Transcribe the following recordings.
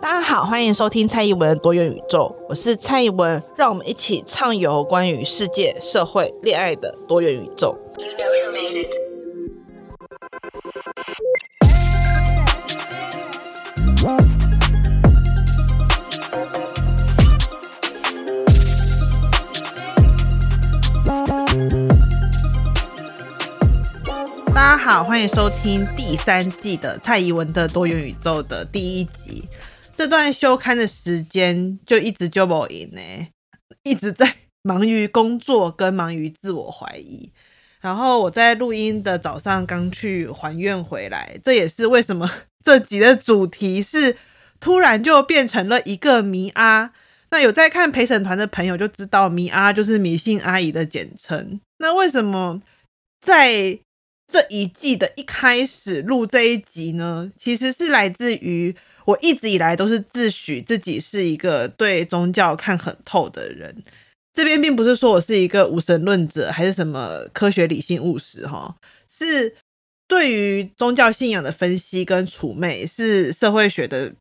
大家好，歡迎收聽蔡宜文的多元宇宙，我是蔡宜文，讓我們一起暢遊關於世界、社會、戀愛的多元宇宙。You really made it. 大家好，歡迎收聽第三季的蔡宜文的多元宇宙的第一集。這段休刊的時間就一直就 o b 呢，一直在忙於工作跟忙於自我懷疑。然後我在錄音的早上剛去還願回來，這也是為什麼這集的主題是突然就變成了一個迷阿。那有在看陪審團的朋友就知道，迷阿就是迷信阿姨的簡稱。那為什麼在這一季的一開始錄這一集呢？其實是來自於。我一直以來都是自詡自己是一個對宗教看很透的人。這邊並不是說我是一個無神論者，還是什麼科學理性務實哈，是對於宗教信仰的分析跟除魅，是社會學的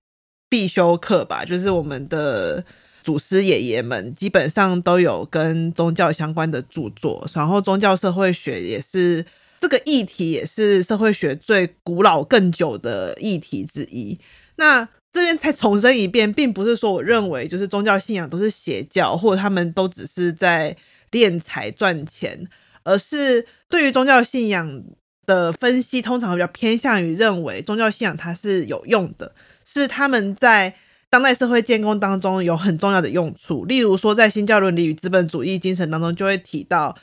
必修課吧。就是我們的祖師爺爺們基本上都有跟宗教相關的著作，然後宗教社會學也是這個議題，也是社會學最古老更久的議題之一。那這邊再重申一遍，並不是說我認為就是宗教信仰都是邪教，或者他們都只是在斂財賺錢，而是對於宗教信仰的分析，通常比較偏向於認為宗教信仰它是有用的，是他們在當代社會建構當中有很重要的用處。例如說，在新教倫理與資本主義精神當中，就會提到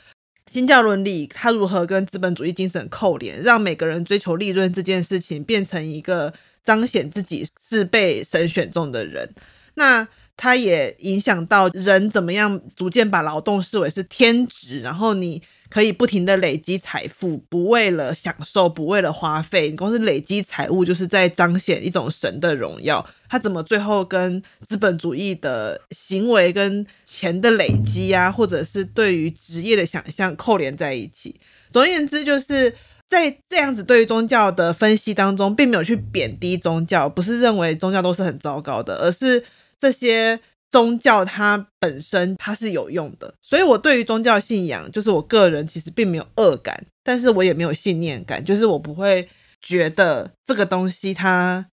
新教倫理它如何跟資本主義精神扣連，讓每個人追求利潤這件事情變成一個。彰顯自己是被神選中的人，那他也影響到人怎麼樣逐漸把勞動視為是天職，然後你可以不停的累積財富，不為了享受，不為了花費，你光是累積財物就是在彰顯一種神的榮耀。他怎麼最後跟資本主義的行為跟錢的累積啊，或者是對於職業的想象扣連在一起？總而言之就是。在這樣子對於宗教的分析當中，並沒有去貶低宗教，不是認為宗教都是很糟糕的，而是這些宗教它本身它是有用的。所以我對於宗教信仰，就是我個人其實並沒有惡感，但是我也沒有信念感，就是我不會覺得這個東西它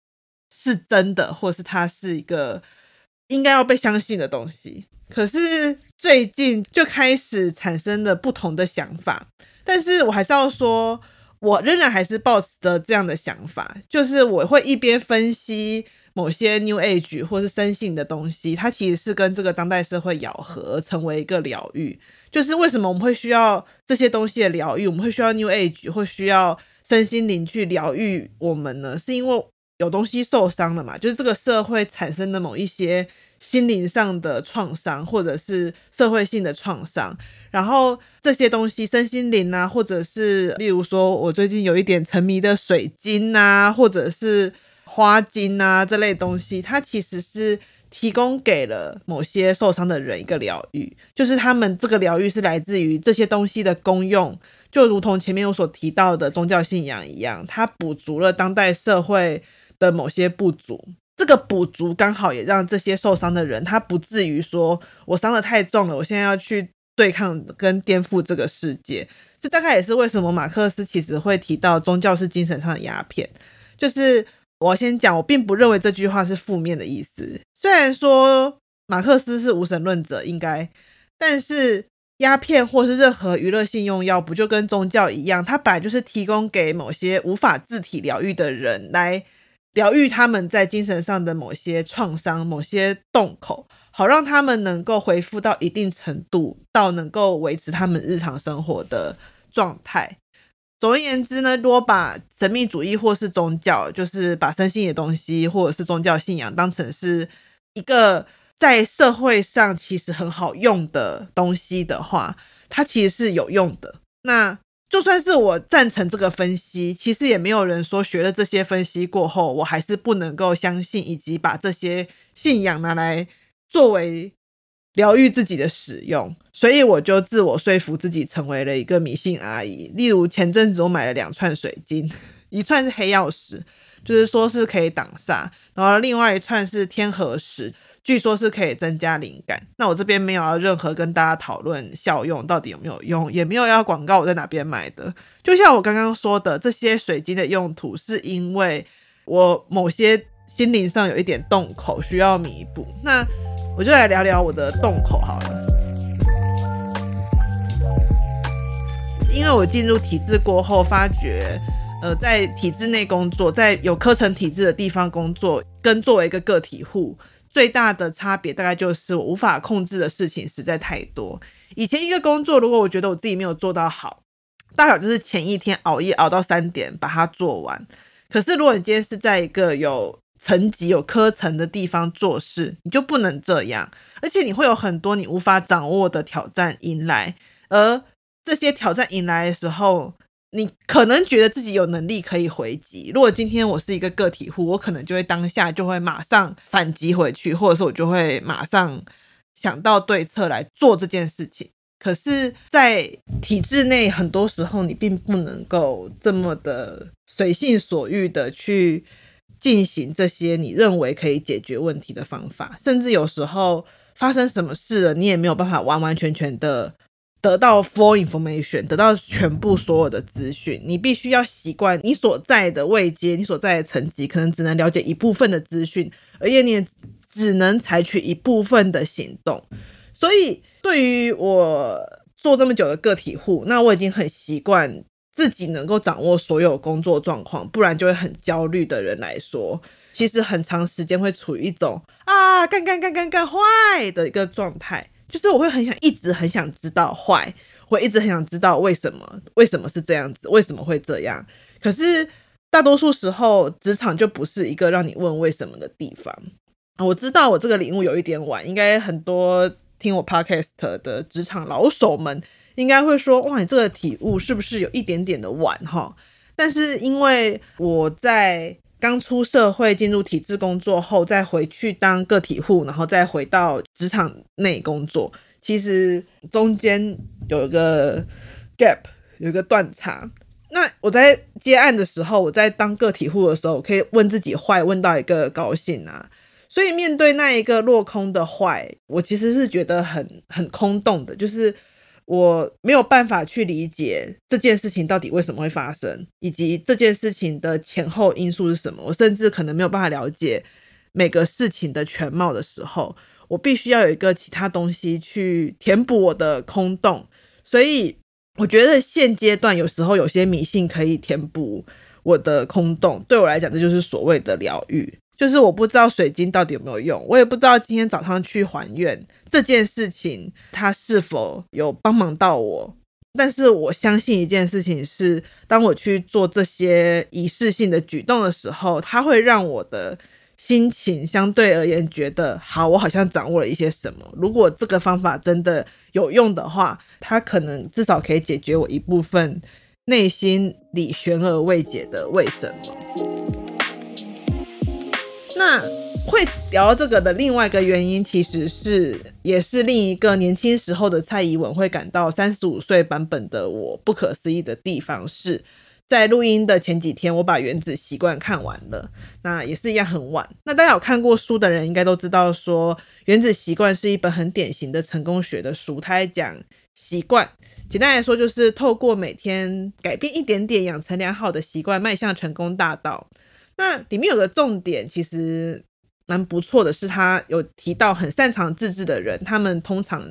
是真的，或是它是一個應該要被相信的東西。可是最近就開始產生了不同的想法，但是我還是要說。我仍然還是抱持着這樣的想法，就是我會一邊分析某些 New Age 或是神性的東西，它其實是跟這個當代社會咬合，成為一個療癒。就是為什麼我們會需要這些東西的療癒，我們會需要 New Age，或需要身心靈去療癒我們呢？是因為有東西受傷了嘛？就是這個社會產生的某一些心靈上的創傷，或者是社會性的創傷。然後這些東西，身心靈啊，或者是例如說，我最近有一點沉迷的水晶啊，或者是花精啊這類東西，它其實是提供給了某些受傷的人一個療癒，就是他們這個療癒是來自於這些東西的功用，就如同前面我所提到的宗教信仰一樣，它補足了當代社會的某些不足，這個補足剛好也讓這些受傷的人，他不至於說我傷得太重了，我現在要去，對抗跟顛覆這個世界，這大概也是為什麼馬克思其實會提到宗教是精神上的鴉片。就是我先講，我並不認為這句話是負面的意思。雖然說馬克思是無神論者，應該，但是鴉片或是任何娛樂性用藥，不就跟宗教一樣？它本來就是提供給某些無法自體療癒的人，來療癒他們在精神上的某些創傷、某些洞口。好，讓他們能夠恢復到一定程度，到能夠維持他們日常生活的狀態。總而言之呢，如果把神秘主義或是宗教，就是把身心的東西或者是宗教信仰當成是一個在社會上其實很好用的東西的話，它其實是有用的。那就算是我贊成這個分析，其實也沒有人說學了這些分析過後，我還是不能夠相信以及把這些信仰拿來。作為療癒自己的使用，所以我就自我說服自己成為了一個迷信阿姨。例如前陣子我買了兩串水晶，一串是黑曜石，就是說是可以擋煞；然後另外一串是天河石，據說是可以增加靈感。那我這邊沒有要任何跟大家討論效用到底有沒有用，也沒有要廣告我在哪邊買的。就像我剛剛說的，這些水晶的用途是因為我某些心靈上有一點洞口需要彌補。那我就來聊聊我的洞口好了，因為我進入體制過後，發覺，呃，在體制內工作，在有科層體制的地方工作，跟作為一個個體戶最大的差別，大概就是我無法控制的事情實在太多。以前一個工作，如果我覺得我自己沒有做到好，大不了就是前一天熬夜熬到三點把它做完。可是如果你今天是在一個有層級有科層的地方做事，你就不能這樣，而且你會有很多你無法掌握的挑戰迎來。而這些挑戰迎來的時候，你可能覺得自己有能力可以回擊。如果今天我是一個個體戶，我可能就會當下就會馬上反擊回去，或者說我就會馬上想到對策來做這件事情。可是，在體制內，很多時候你並不能夠這麼的隨心所欲的去。進行這些你認為可以解決問題的方法，甚至有時候發生什麼事了，你也沒有辦法完完全全的得到 full information，得到全部所有的資訊。你必須要習慣你所在的位階、你所在的層級，可能只能了解一部分的資訊，而你也只能採取一部分的行動。所以，對於我做這麼久的個體戶，那我已經很習慣。自己能夠掌握所有工作狀況，不然就會很焦慮的人來說，其實很長時間會處於一種啊，幹幹幹幹幹壞的一個狀態。就是我會很想一直很想知道壞，我一直很想知道為什麼，為什麼是這樣子，為什麼會這樣？可是大多數時候，職場就不是一個讓你問為什麼的地方。我知道我這個領悟有一點晚，應該很多聽我 podcast 的職場老手們。應該會說，哇，你這個體悟是不是有一點點的晚哈？但是因為我在剛出社會進入體制工作後，再回去當個體戶，然後再回到職場內工作，其實中間有一個 gap，有一個斷層。那我在接案的時候，我在當個體戶的時候，我可以問自己壞，問到一個高興啊。所以面對那一個落空的壞，我其實是覺得很很空洞的，就是。我沒有辦法去理解這件事情到底為什麼會發生，以及這件事情的前後因素是什麼。我甚至可能沒有辦法了解每個事情的全貌的時候，我必須要有一個其他東西去填補我的空洞。所以，我覺得現階段有時候有些迷信可以填補我的空洞。對我來講，這就是所謂的療癒。就是我不知道水晶到底有沒有用，我也不知道今天早上去還願這件事情它是否有幫忙到我。但是我相信一件事情是，當我去做這些儀式性的舉動的時候，它會讓我的心情相對而言覺得好，我好像掌握了一些什麼。如果這個方法真的有用的話，它可能至少可以解決我一部分內心裡懸而未解的為什麼。那會聊這個的另外一個原因，其實是也是另一個年輕時候的蔡宜文會感到三十五歲版本的我不可思議的地方，是在錄音的前幾天，我把《原子習慣》看完了。那也是一樣很晚。那大家有看過書的人應該都知道，說《原子習慣》是一本很典型的成功學的書，它在講習慣。簡單來說，就是透過每天改變一點點，養成良好的習慣，邁向成功大道。那裡面有個重點，其實蠻不錯的是，是他有提到很擅長自制的人，他們通常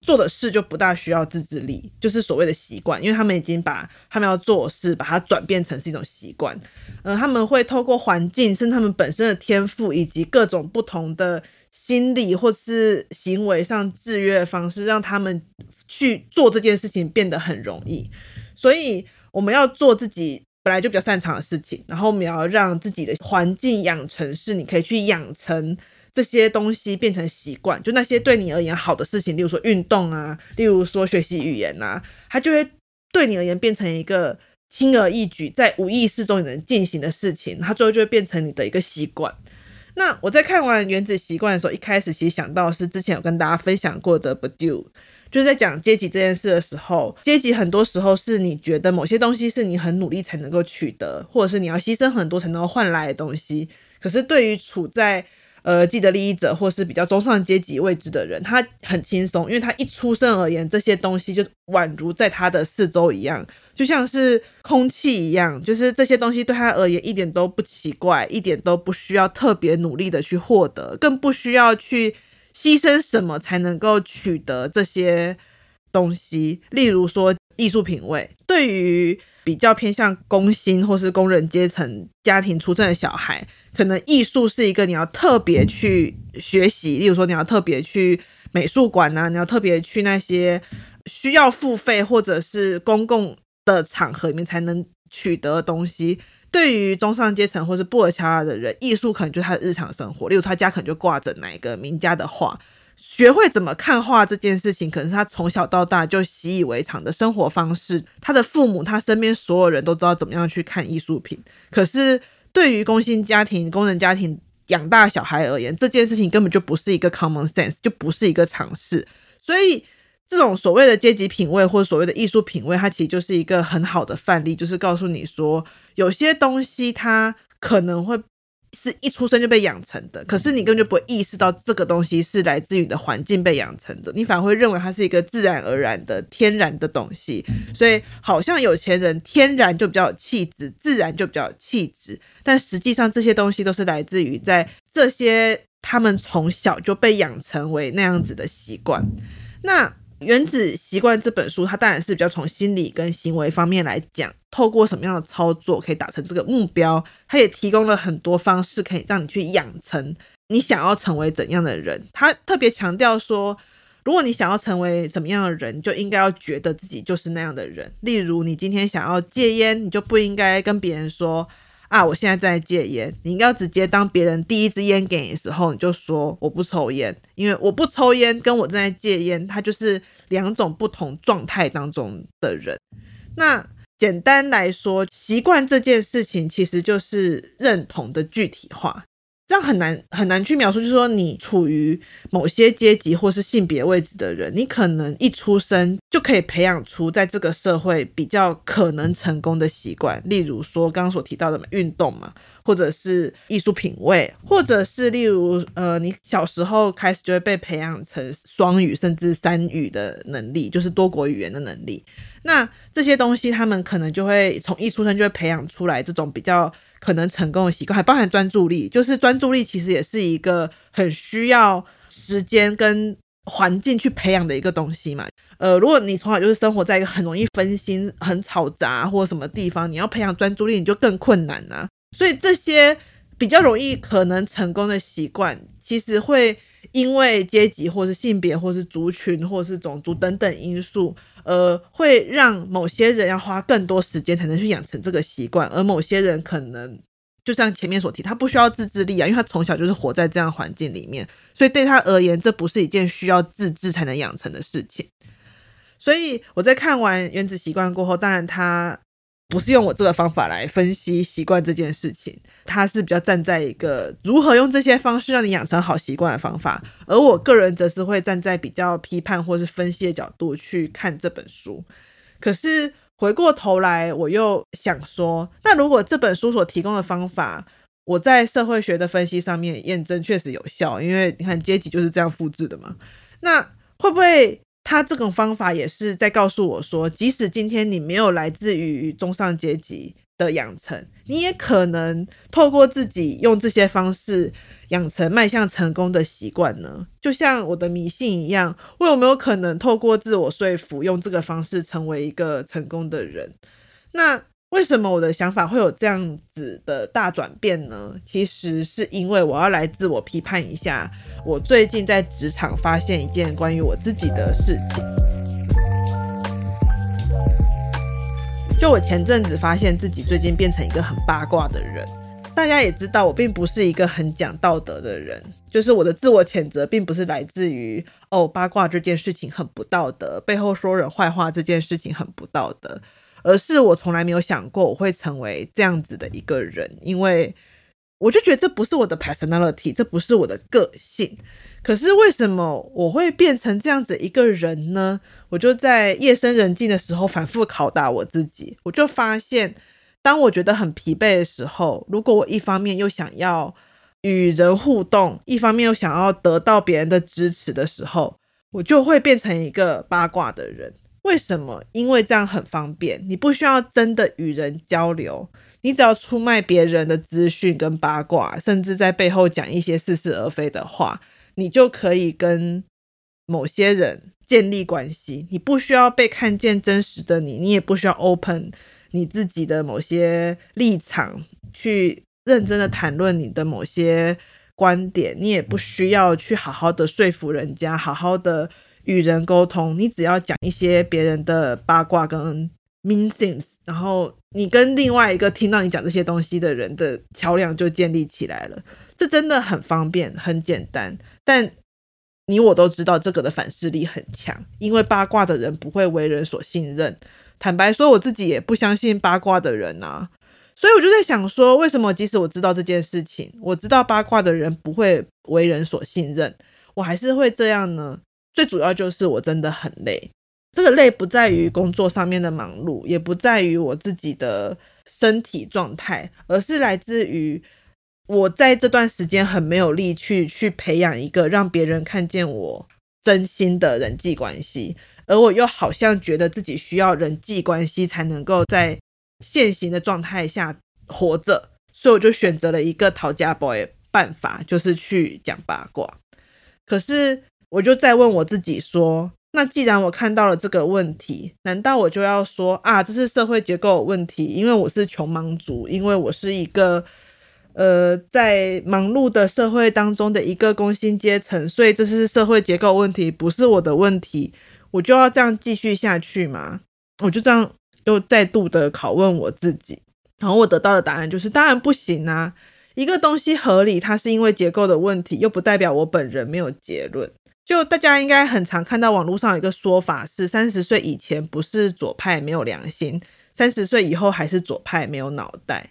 做的事就不大需要自制力，就是所謂的習慣，因為他們已經把他們要做的事，把它轉變成是一種習慣。呃，他們會透過環境，甚至他們本身的天賦，以及各種不同的心理或是行為上制約的方式，讓他們去做這件事情變得很容易。所以我們要做自己本來就比較擅長的事情，然後我們要讓自己的環境養成是你可以去養成這些東西變成習慣，就那些對你而言好的事情，例如說運動啊，例如說學習語言啊，它就會對你而言變成一個輕而易舉在無意識中也能進行的事情，它最後就會變成你的一個習慣。那我在看完《原子習慣》的時候，一開始其實想到是之前有跟大家分享過的 “Bourdieu 就是在講階級這件事的時候，階級很多時候是你覺得某些東西是你很努力才能夠取得，或者是你要犧牲很多才能夠換來的東西。可是對於處在呃既得利益者或是比較中上階級位置的人，他很輕鬆，因為他一出生而言，這些東西就宛如在他的四周一樣，就像是空氣一樣，就是這些東西對他而言一點都不奇怪，一點都不需要特別努力的去獲得，更不需要去。犧牲什麼才能夠取得這些東西。例如說，藝術品味對於比較偏向工薪或是工人階層家庭出身的小孩，可能藝術是一個你要特別去學習。例如說，你要特別去美術館啊，你要特別去那些需要付費或者是公共的場合裡面才能取得的東西。對於中上階層或是布爾喬亞的人，藝術可能就是他的日常生活。例如，他家可能就掛着哪一個名家的畫，學會怎麼看畫這件事情，可能是他從小到大就習以為常的生活方式。他的父母、他身邊所有人都知道怎麼樣去看藝術品。可是，對於工薪家庭、工人家庭養大小孩而言，這件事情根本就不是一個 common sense，就不是一個常識。所以。這種所謂的階級品味或者所謂的藝術品位，它其實就是一個很好的範例，就是告訴你說，有些東西它可能會是一出生就被養成的，可是你根本就不會意識到這個東西是來自於你的環境被養成的，你反而會認為它是一個自然而然的天然的東西。所以，好像有錢人天然就比較有氣質，自然就比較有氣質，但實際上這些東西都是來自於在這些他們從小就被養成為那樣子的習慣。那原子習慣這本書，它當然是比較從心理跟行為方面來講，透過什麼樣的操作可以達成這個目標。它也提供了很多方式，可以讓你去養成你想要成為怎樣的人。它特別強調說，如果你想要成為什麼樣的人，就應該要覺得自己就是那樣的人。例如，你今天想要戒菸，你就不應該跟別人說。啊，我現在正在戒菸。你應該直接當別人第一支菸給你的時候，你就說我不抽菸，因為我不抽菸跟我正在戒菸，他就是兩種不同狀態當中的人。那簡單來說，習慣這件事情其實就是認同的具體化。這樣很難很難去描述，就是說你處於某些階級或是性別位置的人，你可能一出生就可以培養出在這個社會比較可能成功的習慣，例如說剛剛所提到的運動嘛，或者是藝術品味，或者是例如呃，你小時候開始就會被培養成雙語甚至三語的能力，就是多國語言的能力。那這些東西他們可能就會從一出生就會培養出來這種比較可能成功的習慣還包含專注力，就是專注力其實也是一個很需要時間跟環境去培養的一個東西嘛。呃，如果你從小就是生活在一個很容易分心、很吵雜或者什麼地方，你要培養專注力你就更困難吶、啊。所以這些比較容易可能成功的習慣，其實會因為階級，或是性別、或是族群、或是種族等等因素。呃，會讓某些人要花更多時間才能去養成這個習慣，而某些人可能就像前面所提，他不需要自制力啊，因為他從小就是活在這樣環境裡面，所以對他而言，這不是一件需要自制才能養成的事情。所以我在看完《原子習慣》過後，當然他，不是用我這個方法來分析習慣這件事情，他是比較站在一個如何用這些方式讓你養成好習慣的方法，而我個人則是會站在比較批判或是分析的角度去看這本書。可是回過頭來，我又想說，那如果這本書所提供的方法，我在社會學的分析上面驗證確實有效，因為你看階級就是這樣複製的嘛，那會不會？他這種方法也是在告訴我說，即使今天你沒有來自於中上階級的養成，你也可能透過自己用這些方式養成邁向成功的習慣呢？就像我的迷信一樣，我有沒有可能透過自我說服，用這個方式成為一個成功的人？那。為什麼我的想法會有這樣子的大轉變呢？其實是因為我要來自我批判一下，我最近在職場發現一件關於我自己的事情。就我前陣子發現自己最近變成一個很八卦的人，大家也知道我並不是一個很講道德的人，就是我的自我譴責並不是來自於，哦，八卦這件事情很不道德，背後說人壞話，這件事情很不道德。而是我從來沒有想過我會成為這樣子的一個人，因為我就覺得這不是我的 personality，這不是我的個性。可是為什麼我會變成這樣子一個人呢？我就在夜深人靜的時候反覆拷打我自己。我就發現，當我覺得很疲憊的時候，如果我一方面又想要與人互動，一方面又想要得到別人的支持的時候，我就會變成一個八卦的人。為什麼？因為這樣很方便，你不需要真的與人交流，你只要出賣別人的資訊跟八卦，甚至在背後講一些似是而非的話，你就可以跟某些人建立關係。你不需要被看見真實的你，你也不需要 open 你自己的某些立場，去認真的談論你的某些觀點，你也不需要去好好的說服人家，好好的。與人溝通，你只要講一些別人的八卦跟 mean things，然後你跟另外一個聽到你講這些東西的人的橋樑就建立起來了。這真的很方便，很簡單，但你我都知道這個的反噬力很強，因為八卦的人不會為人所信任。坦白說，我自己也不相信八卦的人吶，啊，所以我就在想說，為什麼即使我知道這件事情，我知道八卦的人不會為人所信任，我還是會這樣呢？最主要就是我真的很累，這個累不在於工作上面的忙碌，也不在於我自己的身體狀態，而是來自於我在這段時間很沒有力去去培養一個讓別人看見我真心的人際關係，而我又好像覺得自己需要人際關係才能夠在現行的狀態下活着，所以我就選擇了一個討價包的辦法，就是去講八卦，可是。我就再問我自己說：“那既然我看到了這個問題，難道我就要說啊，這是社會結構的問題？因為我是窮忙族，因為我是一個呃，在忙碌的社會當中的一個工薪階層，所以這是社會結構問題，不是我的問題。我就要這樣繼續下去嗎？我就這樣又再度的拷問我自己，然後我得到的答案就是：當然不行啊！一個東西合理，它是因為結構的問題，又不代表我本人沒有結論。”就大家應該很常看到網絡上有一個說法是：三十歲以前不是左派沒有良心，三十歲以後還是左派沒有腦袋。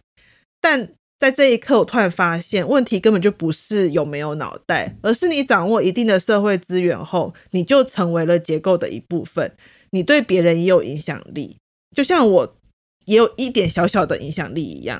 但在這一刻，我突然發現問題根本就不是有沒有腦袋，而是你掌握一定的社會資源後，你就成為了結構的一部分，你對別人也有影響力。就像我也有一點小小的影響力一樣，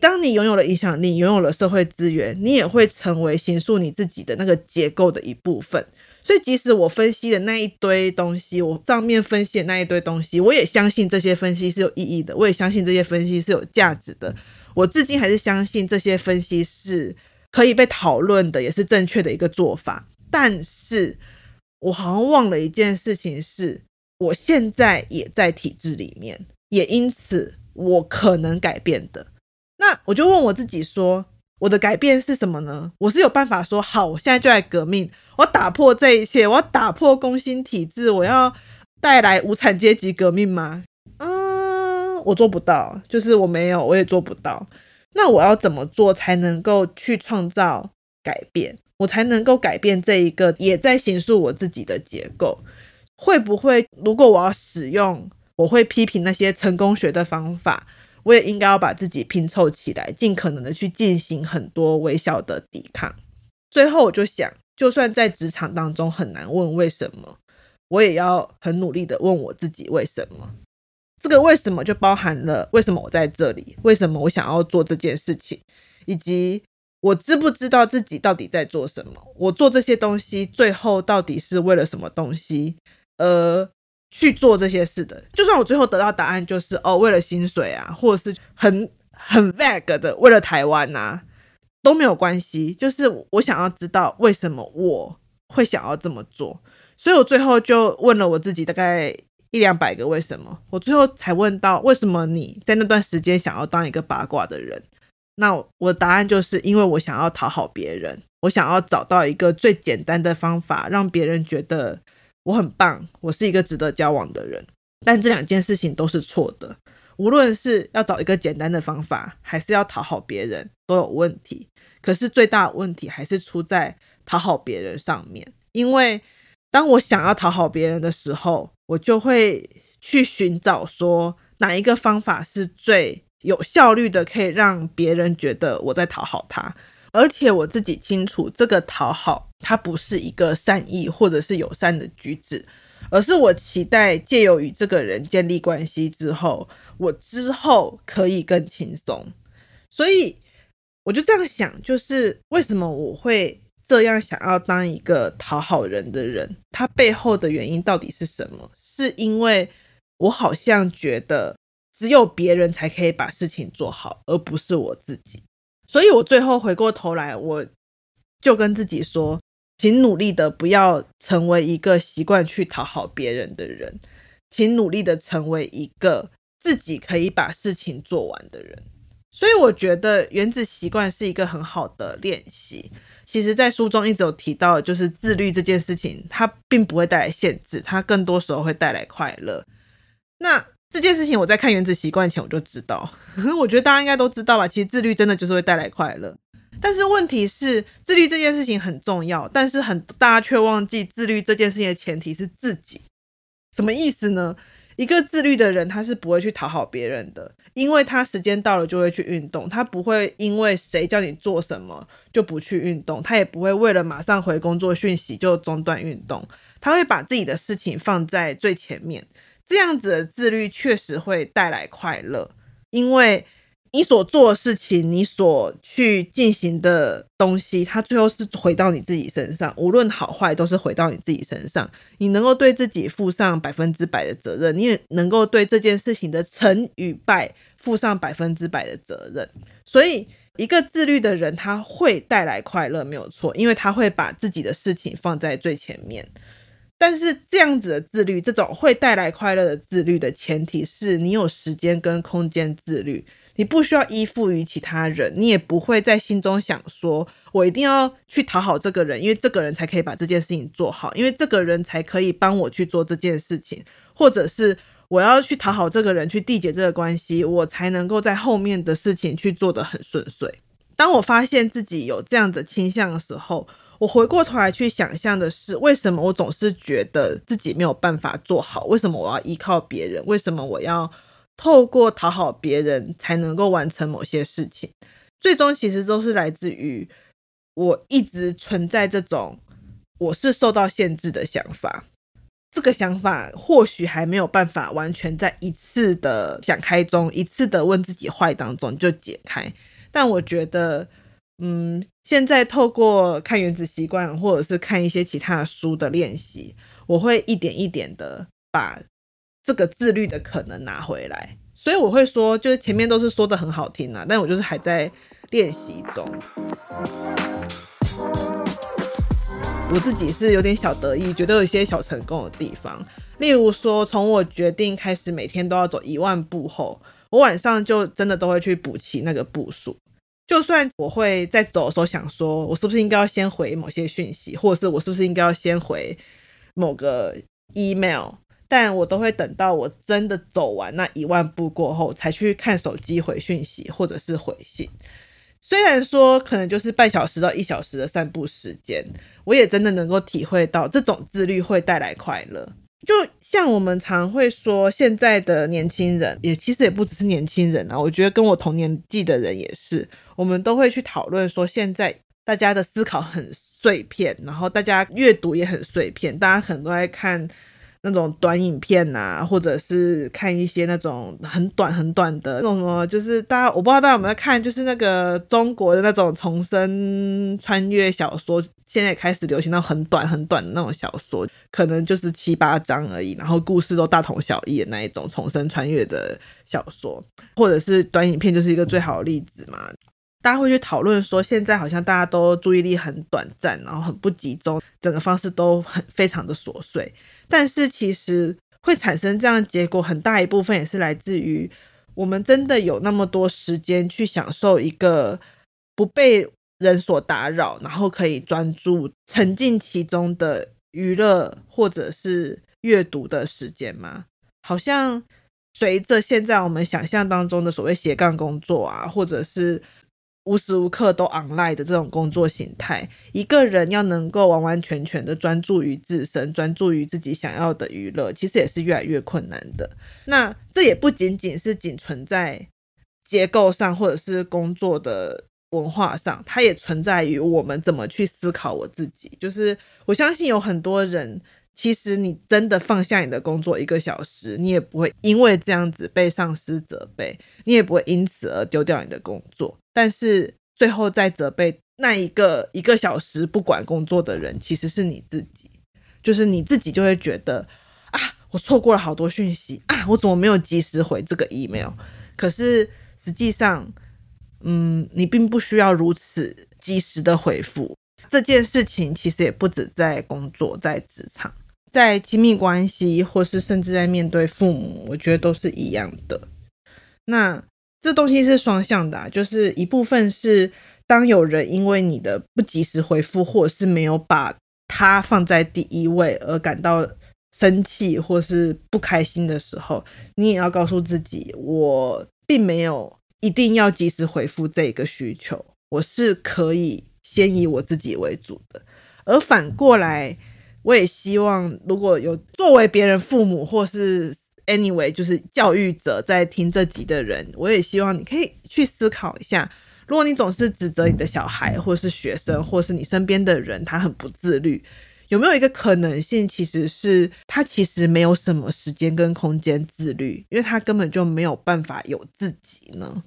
當你擁有了影響力，擁有了社會資源，你也會成為形塑你自己的那個結構的一部分。所以，即使我分析的那一堆東西，我上面分析的那一堆東西，我也相信這些分析是有意義的，我也相信這些分析是有價值的。我至今還是相信這些分析是可以被討論的，也是正確的一個做法。但是我好像忘了一件事情是，是我現在也在體制裡面，也因此我可能改變的。那我就問我自己說。我的改變是什麼呢？我是有辦法說好，我現在就來革命，我打破這一切，我打破工薪體制，我要帶來無產階級革命嗎？嗯，我做不到，就是我沒有，我也做不到。那我要怎麼做才能夠去創造改變？我才能夠改變這一個也在形塑我自己的結構。會不會如果我要使用，我會批評那些成功學的方法。我也應該要把自己拼湊起來，盡可能的去進行很多微小的抵抗。最後我就想，就算在職場當中很難問為什麼，我也要很努力的問我自己為什麼。這個為什麼就包含了為什麼我在這裡，為什麼我想要做這件事情，以及我知不知道自己到底在做什麼，我做這些東西最後到底是為了什麼東西？呃。去做這些事的。就算我最後得到答案就是哦，為了薪水啊，或者是很很 vague 的，為了台灣吶、啊，都沒有關係。就是我想要知道為什麼我會想要這麼做，所以我最後就問了我自己大概一兩百個為什麼，我最後才問到為什麼你在那段時間想要當一個八卦的人。那我的答案就是因為我想要討好別人，我想要找到一個最簡單的方法讓別人覺得。我很棒，我是一個值得交往的人，但這兩件事情都是錯的。無論是要找一個簡單的方法，還是要討好別人，都有問題。可是最大的問題還是出在討好別人上面，因為當我想要討好別人的時候，我就會去尋找說哪一個方法是最有效率的，可以讓別人覺得我在討好他，而且我自己清楚這個討好。它不是一個善意或者是友善的舉止，而是我期待借由與這個人建立關係之後，我之後可以更輕鬆。所以我就這樣想，就是為什麼我會這樣想要當一個討好人的人？他背後的原因到底是什麼？是因為我好像覺得只有別人才可以把事情做好，而不是我自己。所以，我最後回過頭來，我就跟自己說。請努力的不要成為一個習慣去討好別人的人，請努力的成為一個自己可以把事情做完的人。所以我覺得《原子習慣》是一個很好的練習。其實，在書中一直有提到，就是自律這件事情，它並不會帶來限制，它更多時候會帶來快樂。那這件事情，我在看《原子習慣》前我就知道， 我覺得大家應該都知道吧？其實自律真的就是會帶來快樂。但是問題是，自律這件事情很重要，但是很大家卻忘記自律這件事情的前提是自己。什麼意思呢？一個自律的人，他是不會去討好別人的，因為他時間到了就會去運動，他不會因為誰叫你做什麼就不去運動，他也不會為了馬上回工作訊息就中斷運動，他會把自己的事情放在最前面。這樣子的自律確實會帶來快樂，因為，你所做的事情，你所去進行的東西，它最後是回到你自己身上，無論好壞都是回到你自己身上。你能夠對自己負上百分之百的責任，你也能夠對這件事情的成與敗負上百分之百的責任。所以，一個自律的人，他會帶來快樂，沒有錯，因為他會把自己的事情放在最前面。但是，這樣子的自律，這種會帶來快樂的自律的前提是你有時間跟空間自律。你不需要依附於其他人，你也不會在心中想說，我一定要去討好這個人，因為這個人才可以把這件事情做好，因為這個人才可以幫我去做這件事情，或者是我要去討好這個人，去締結這個關係，我才能夠在後面的事情去做得很順遂。當我發現自己有這樣的傾向的時候，我回過頭來去想象的是，為什麼我總是覺得自己沒有辦法做好？為什麼我要依靠別人？為什麼我要？透過討好別人才能夠完成某些事情，最終其實都是來自於我一直存在這種我是受到限制的想法。這個想法或許還沒有辦法完全在一次的想開中、一次的問自己壞當中就解開，但我覺得，嗯，現在透過看原子習慣，或者是看一些其他書的練習，我會一點一點的把。這個自律的可能拿回來，所以我會說，就是前面都是說的很好聽啊，但我就是還在練習中。我自己是有點小得意，覺得有一些小成功的地方，例如說，從我決定開始每天都要走一萬步後，我晚上就真的都會去補齊那個步數，就算我會在走的時候想說，我是不是應該要先回某些訊息，或者是我是不是應該要先回某個 email。但我都會等到我真的走完那一萬步過後，才去看手機回訊息或者是回信。雖然說可能就是半小時到一小時的散步時間，我也真的能夠體會到這種自律會帶來快樂。就像我們常會說，現在的年輕人，也其實也不只是年輕人啊，我覺得跟我同年紀的人也是，我們都會去討論說，現在大家的思考很碎片，然後大家閱讀也很碎片，大家可能都在看。那種短影片吶、啊，或者是看一些那種很短很短的那種什麼，就是大家，我不知道大家有沒有看，就是那個中國的那種重生穿越小說，現在開始流行到很短很短的那種小說，可能就是七八章而已，然後故事都大同小異的那一種重生穿越的小說，或者是短影片，就是一個最好的例子嘛。大家會去討論說，現在好像大家都注意力很短暫，然後很不集中，整個方式都很非常的瑣碎。但是其實會產生這樣結果，很大一部分也是來自於我們真的有那麼多時間去享受一個不被人所打擾，然後可以專注沉浸其中的娛樂或者是閱讀的時間嗎？好像隨着現在我們想象當中的所謂斜槓工作啊，或者是無時無刻都 online 的這種工作形態，一個人要能夠完完全全的專注於自身，專注於自己想要的娛樂，其實也是越來越困難的。那這也不僅僅是僅存在結構上或者是工作的文化上，它也存在於我們怎麼去思考我自己。就是我相信有很多人，其實你真的放下你的工作一個小時，你也不會因為這樣子被上司責備，你也不會因此而丟掉你的工作。但是最後再責備那一個一個小時不管工作的人，其實是你自己，就是你自己就會覺得啊，我錯過了好多訊息啊，我怎麼沒有及時回這個 email？可是實際上，嗯，你並不需要如此及時的回復。這件事情其實也不止在工作、在職場、在親密關係，或是甚至在面對父母，我覺得都是一樣的。那。這東西是雙向的啊，就是一部分是當有人因為你的不及時回覆，或者是沒有把他放在第一位而感到生氣或是不開心的時候，你也要告訴自己，我並沒有一定要及時回覆這一個需求，我是可以先以我自己為主的。而反過來，我也希望如果有作為別人父母或是。Anyway，就是教育者在聽這集的人，我也希望你可以去思考一下。如果你總是指責你的小孩，或是學生，或是你身邊的人，他很不自律，有沒有一個可能性，其實是他其實沒有什麼時間跟空間自律，因為他根本就沒有辦法有自己呢？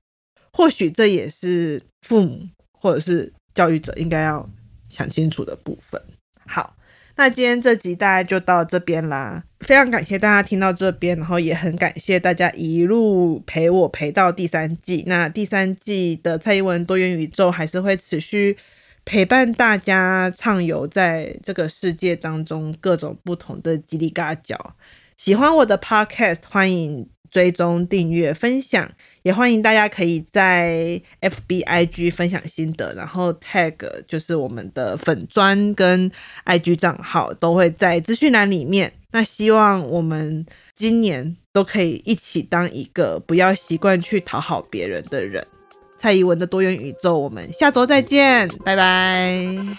或許這也是父母或者是教育者應該要想清楚的部分。好。那今天這集大概就到這邊啦，非常感謝大家聽到這邊，然後也很感謝大家一路陪我陪到第三季。那第三季的蔡宜文多元宇宙還是會持續陪伴大家暢遊在這個世界當中各種不同的嘰里嘎角。喜歡我的 podcast，歡迎追蹤、訂閱、分享。也歡迎大家可以在 F B I G 分享心得，然後 tag 就是我們的粉專跟 I G 賬號都會在資訊欄裡面。那希望我們今年都可以一起當一個不要習慣去討好別人的人。蔡宜文的多元宇宙，我們下周再見，拜拜。